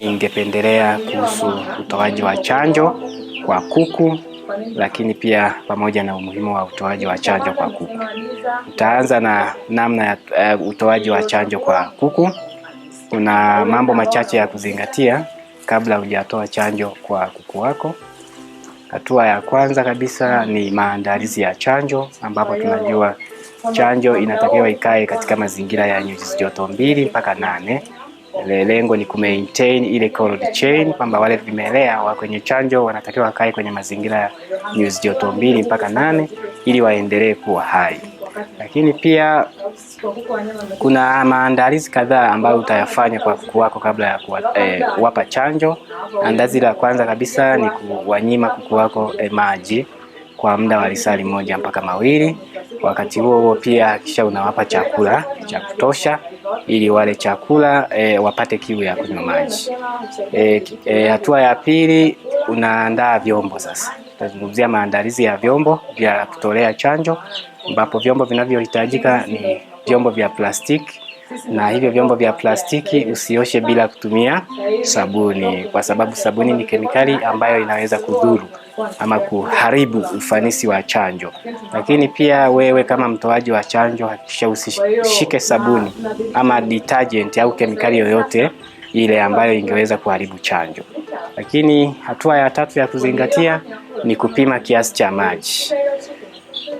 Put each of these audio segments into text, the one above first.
Ningependelea kuhusu utoaji wa chanjo kwa kuku, lakini pia pamoja na umuhimu wa utoaji wa chanjo kwa kuku. utaanza na namna ya eh, utoaji wa chanjo kwa kuku. Kuna mambo machache ya kuzingatia kabla hujatoa chanjo kwa kuku wako. Hatua ya kwanza kabisa ni maandalizi ya chanjo, ambapo tunajua chanjo inatakiwa ikae katika mazingira ya nyuzi joto mbili mpaka nane Lengo ni kumaintain ile cold chain, kwamba wale vimelea wa kwenye chanjo wanatakiwa wakae kwenye mazingira ya nyuzi joto mbili mpaka nane ili waendelee kuwa hai. Lakini pia kuna maandalizi kadhaa ambayo utayafanya kwa kuku wako kabla ya eh, kuwapa eh, chanjo. Andazi la kwanza kabisa ni kuwanyima kuku wako eh, maji kwa muda wa lisali moja mpaka mawili. Wakati huo huo pia kisha unawapa chakula cha kutosha ili wale chakula e, wapate kiu ya kunywa maji. E, e, hatua ya pili unaandaa vyombo sasa. Tutazungumzia maandalizi ya vyombo vya kutolea chanjo ambapo vyombo vinavyohitajika ni vyombo vya plastiki na hivyo vyombo vya plastiki usioshe bila kutumia sabuni, kwa sababu sabuni ni kemikali ambayo inaweza kudhuru ama kuharibu ufanisi wa chanjo. Lakini pia wewe kama mtoaji wa chanjo, hakikisha usishike sabuni ama detergent au kemikali yoyote ile ambayo ingeweza kuharibu chanjo. Lakini hatua ya tatu ya kuzingatia ni kupima kiasi cha maji.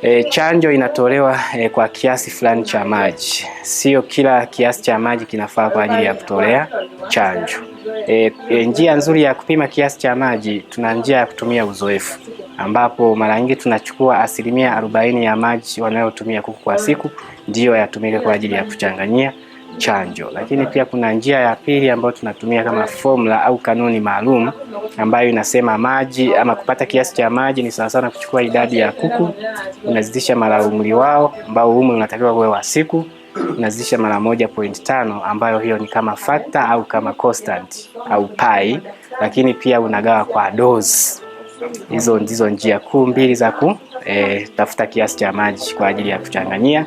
E, chanjo inatolewa e, kwa kiasi fulani cha maji. Sio kila kiasi cha maji kinafaa kwa ajili ya kutolea chanjo. E, e, njia nzuri ya kupima kiasi cha maji, tuna njia ya kutumia uzoefu, ambapo mara nyingi tunachukua asilimia arobaini ya maji wanayotumia kuku kwa siku ndiyo yatumike kwa ajili ya kuchanganyia chanjo. Lakini pia kuna njia ya pili ambayo tunatumia kama formula au kanuni maalum ambayo inasema maji ama kupata kiasi cha maji ni sawa sana kuchukua idadi ya kuku unazidisha mara umri wao ambao umri unatakiwa uwe wa siku unazidisha mara moja point tano ambayo hiyo ni kama factor au kama constant au pi, lakini pia unagawa kwa dose. Hizo ndizo njia kuu mbili za kutafuta eh, e, kiasi cha maji kwa ajili ya kuchanganyia.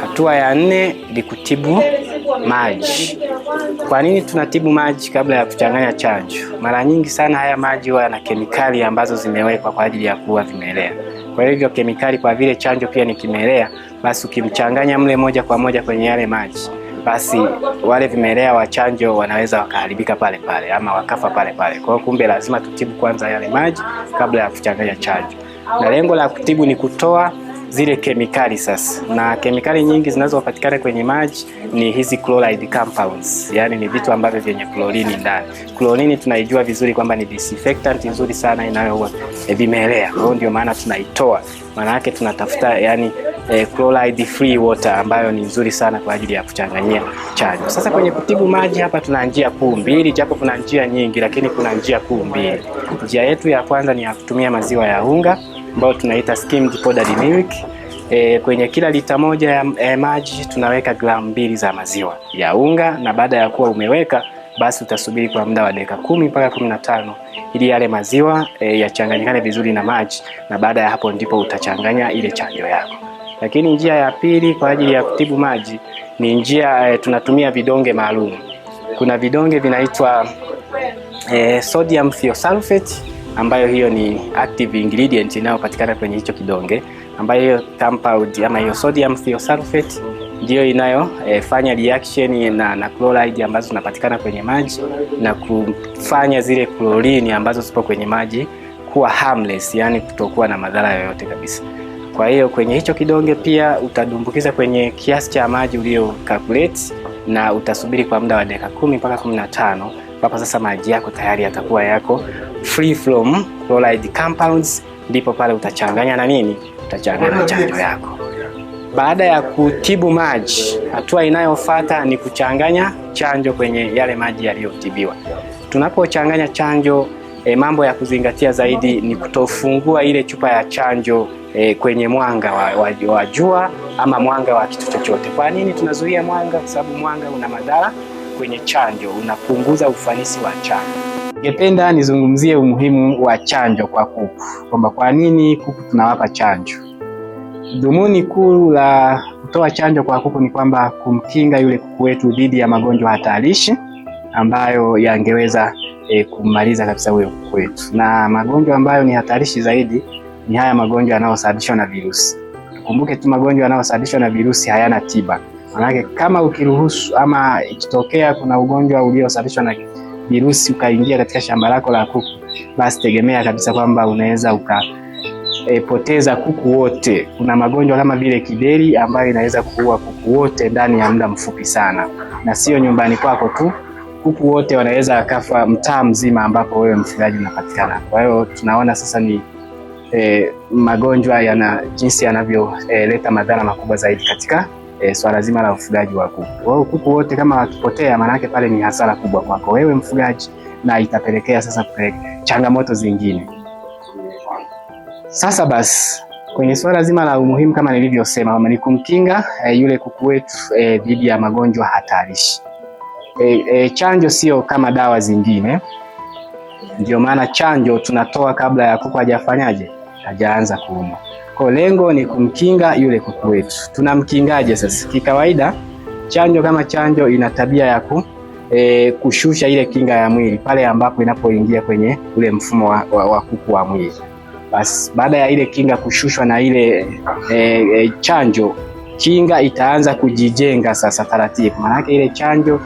Hatua ya nne ni kutibu maji. Kwa nini tunatibu maji kabla ya kuchanganya chanjo? Mara nyingi sana haya maji huwa yana kemikali ambazo zimewekwa kwa ajili ya kuua vimelea. Kwa hivyo kemikali, kwa vile chanjo pia ni kimelea, basi ukimchanganya mle moja kwa moja kwenye yale maji, basi wale vimelea wa chanjo wanaweza wakaharibika pale pale ama wakafa pale pale. Kwa hiyo, kumbe lazima tutibu kwanza yale maji kabla ya kuchanganya chanjo, na lengo la kutibu ni kutoa zile kemikali sasa, na kemikali nyingi zinazopatikana kwenye maji ni hizi chloride compounds, yani ni vitu ambavyo vyenye klorini ndani. Klorini tunaijua vizuri kwamba ni disinfectant nzuri sana inayoua eh, vimelea, kwa hiyo ndio maana tunaitoa, maana yake tunatafuta yani E, eh, chloride free water ambayo ni nzuri sana kwa ajili ya kuchanganyia chanjo. Sasa kwenye kutibu maji hapa tuna njia kuu mbili, japo kuna njia nyingi, lakini kuna njia kuu mbili. Njia yetu ya kwanza ni ya kutumia maziwa ya unga ambayo tunaita skimmed powdered milk. E, kwenye kila lita moja ya e, maji tunaweka gramu mbili za maziwa ya unga, na baada ya kuwa umeweka basi utasubiri kwa muda wa dakika kumi mpaka kumi na tano ili yale maziwa e, yachanganyikane vizuri na maji, na baada ya hapo ndipo utachanganya ile chanjo yako. Lakini njia ya pili kwa ajili ya kutibu maji ni njia e, tunatumia vidonge maalum. Kuna vidonge vinaitwa e, sodium thiosulfate ambayo hiyo ni active ingredient inayopatikana kwenye hicho kidonge, ambayo hiyo compound ama hiyo sodium thiosulfate ndiyo inayofanya e, reaction na, na chloride ambazo zinapatikana kwenye maji na kufanya zile chlorine ambazo zipo kwenye maji kuwa harmless, yani kutokuwa na madhara yoyote kabisa. Kwa hiyo kwenye hicho kidonge pia utadumbukiza kwenye kiasi cha maji ulio calculate na utasubiri kwa muda wa dakika kumi mpaka kumi na tano ambapo sasa maji yako tayari yatakuwa yako free from chloride compounds, ndipo pale utachanganya na nini? Utachanganya na chanjo yako. Baada ya kutibu maji, hatua inayofuata ni kuchanganya chanjo kwenye yale maji yaliyotibiwa. Tunapochanganya chanjo e, mambo ya kuzingatia zaidi ni kutofungua ile chupa ya chanjo e, kwenye mwanga wa, wa, wa jua ama mwanga wa kitu chochote. Kwa nini tunazuia mwanga? Kwa sababu mwanga una madhara kwenye chanjo, unapunguza ufanisi wa chanjo. Ningependa nizungumzie umuhimu wa chanjo kwa kuku, kwamba kwa nini kuku tunawapa chanjo. Dhumuni kuu la kutoa chanjo kwa kuku ni kwamba kumkinga yule kuku wetu dhidi ya magonjwa hatarishi ambayo yangeweza e, eh, kumaliza kabisa huyo kuku wetu, na magonjwa ambayo ni hatarishi zaidi ni haya magonjwa yanayosababishwa na virusi. Tukumbuke tu magonjwa yanayosababishwa na virusi hayana tiba manake kama ukiruhusu ama ikitokea kuna ugonjwa uliosababishwa na virusi ukaingia katika shamba lako la kuku, basi tegemea kabisa kwamba unaweza uka E, poteza kuku wote. Kuna magonjwa kama vile kideri ambayo inaweza kuua kuku wote ndani ya muda mfupi sana, na sio nyumbani kwako tu, kuku wote wanaweza wakafa mtaa mzima ambapo wewe mfugaji unapatikana. Kwa hiyo tunaona sasa ni e, magonjwa yana jinsi yanavyoleta e, madhara makubwa zaidi katika e, swala zima la ufugaji wa kuku. hiyo kuku wote kama wakipotea, yake pale ni hasara kubwa kwako wewe mfugaji, na itapelekea sasa changamoto zingine. Sasa basi kwenye swala zima la umuhimu kama nilivyosema ni kumkinga e, yule kuku wetu e, dhidi ya magonjwa hatarishi. E, e, chanjo sio kama dawa zingine, ndio maana chanjo tunatoa kabla ya kuku hajafanyaje hajaanza kuuma. Kwa lengo ni kumkinga yule kuku wetu. Tunamkingaje sasa? Kikawaida chanjo kama chanjo ina tabia ya ku, e, kushusha ile kinga ya mwili pale ambapo inapoingia kwenye ule mfumo wa, wa, wa kuku wa mwili. Bas baada ya ile kinga kushushwa na ile e, e, chanjo kinga itaanza kujijenga sasa taratibu, maanake ile chanjo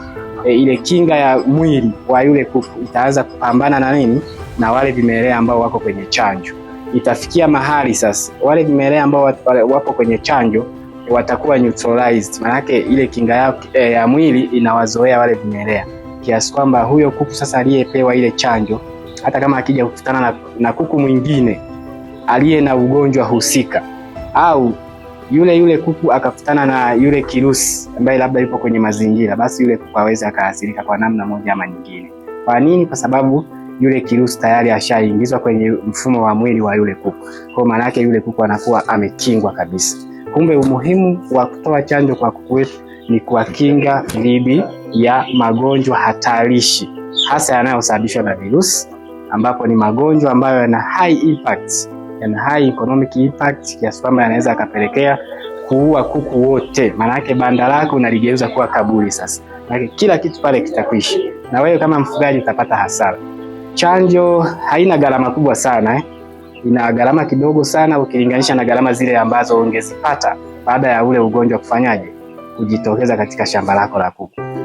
e, ile kinga ya mwili wa yule kuku itaanza kupambana na nini na wale vimelea ambao wako kwenye chanjo itafikia mahali sasa wale vimelea ambao wapo kwenye chanjo watakuwa neutralized, maanake ile kinga ya, eh, ya mwili inawazoea wale vimelea kiasi kwamba huyo kuku sasa aliyepewa ile chanjo hata kama akija kukutana na, na kuku mwingine aliye na ugonjwa husika au yule yule kuku akakutana na yule kirusi ambaye labda yupo kwenye mazingira, basi yule kuku aweze akaathirika kwa namna moja ama nyingine. Kwa nini? Kwa sababu yule kirusi tayari ashaingizwa kwenye mfumo wa mwili wa yule kuku, kwa maana yake yule kuku anakuwa amekingwa kabisa. Kumbe umuhimu wa kutoa chanjo kwa kuku wetu ni kuwakinga dhidi ya magonjwa hatarishi, hasa yanayosababishwa na virusi, ambapo ni magonjwa ambayo yana high impact, yana high economic impact kiasi kwamba yanaweza akapelekea kuua kuku wote. Maana yake banda lako unaligeuza kuwa kaburi sasa, maana kila kitu pale kitakwisha, na wewe kama mfugaji utapata hasara. Chanjo haina gharama kubwa sana eh? Ina gharama kidogo sana ukilinganisha na gharama zile ambazo ungezipata baada ya ule ugonjwa kufanyaje kujitokeza katika shamba lako la kuku.